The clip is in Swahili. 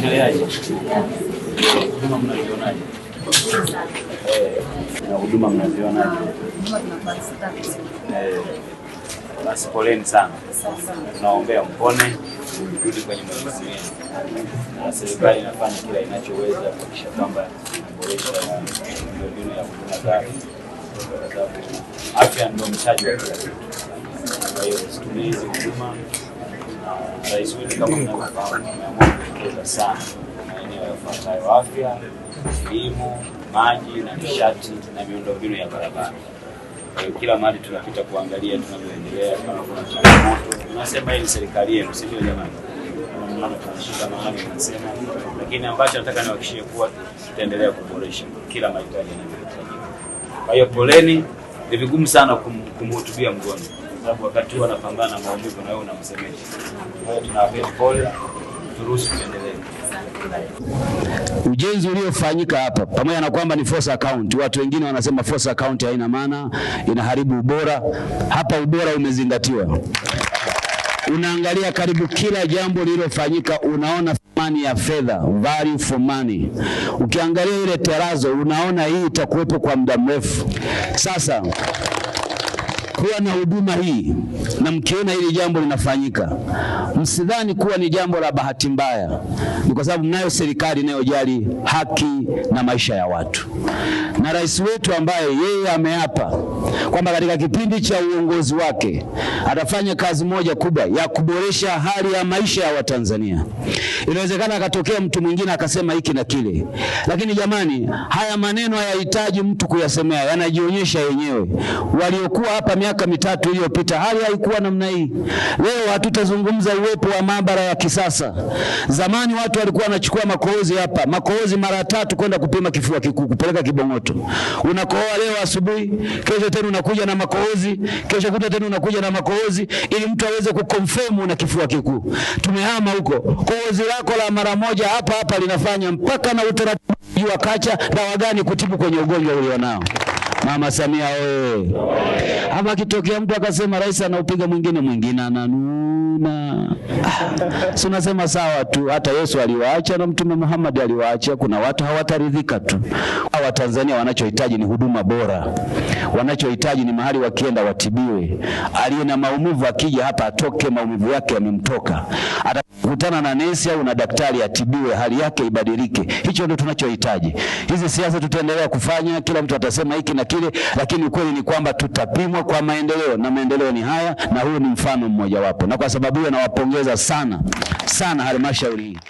mnaendeleaje? Huduma mnazionaje? Na huduma mnazionaje? Ah, eh, basi poleni sana, tunaombea mpone rudi kwenye majukumu yenu, na serikali inafanya kila inachoweza kuhakikisha kwamba inaboresha miundombinu ya huduma afya. Ndio mtaji wa kila kitu, kwa hiyo hizi huduma Rais wetu kama mnavyofahamu ameamua kuwekeza sana maeneo yafuatayo: afya, elimu, maji na nishati na miundombinu ya barabara. Kwa hiyo kila mahali tunapita kuangalia tunavyoendelea, kama kuna changamoto tunasema hii ni serikali yenu, si ndio jamani? tunashika mahali tunasema, lakini ambacho nataka niwahakikishie kuwa tutaendelea kuboresha kila mahitaji yanayohitajika. Kwa hiyo poleni, ni vigumu sana kumhutubia mgonjwa sababu wakati huo anapambana na maumivu na wewe unamsemesha. Kwa hiyo tunawapeni pole, turuhusu tuendelee. Ujenzi uliofanyika hapa pamoja na kwamba ni force account, watu wengine wanasema force account haina maana, inaharibu ubora. Hapa ubora umezingatiwa unaangalia karibu kila jambo lililofanyika, unaona thamani ya fedha, value for money. Ukiangalia ile terazo, unaona hii itakuwepo kwa muda mrefu. Sasa kuwa na huduma hii na mkiona hili jambo linafanyika, msidhani kuwa ni jambo la bahati mbaya. Ni kwa sababu mnayo serikali inayojali haki na maisha ya watu, na rais wetu ambaye yeye ameapa kwamba katika kipindi cha uongozi wake atafanya kazi moja kubwa ya kuboresha hali ya maisha ya Watanzania. Inawezekana akatokea mtu mwingine akasema hiki na kile, lakini jamani, haya maneno hayahitaji mtu kuyasemea, yanajionyesha yenyewe. Waliokuwa hapa miaka mitatu iliyopita hali haikuwa namna hii. Leo hatutazungumza uwepo wa maabara ya kisasa. Zamani watu walikuwa wanachukua makohozi hapa, makohozi mara tatu kwenda kupima kifua kikuu, kupeleka Kibong'oto. Unakohoa leo asubuhi, kesho tena unakuja na makohozi, kesho kuta tena unakuja na makohozi, ili mtu aweze kukonfirm una kifua kikuu. Tumehama huko, kohozi lako la mara moja hapa hapa linafanya mpaka na utaratibu wa kacha na wagani kutibu kwenye ugonjwa ulionao. Mama Samia oye! Ama akitokea mtu akasema rais anaupiga mwingine, mwingine ananuna. Ah, si unasema sawa tu, hata Yesu aliwaacha na Mtume Muhammad aliwaacha. Kuna watu hawataridhika tu, Watanzania wanachohitaji ni huduma bora, wanachohitaji ni mahali wakienda watibiwe. Aliye na maumivu akija hapa atoke maumivu yake yamemtoka, atakutana na nesi au na daktari atibiwe, hali yake ibadilike. Hicho ndio tunachohitaji. Hizi siasa tutaendelea kufanya, kila mtu atasema hiki na kile, lakini ukweli ni kwamba tutapimwa kwa maendeleo, na maendeleo ni haya, na huyu ni mfano mmojawapo, na kwa sababu hiyo nawapongeza sana sana halmashauri hii.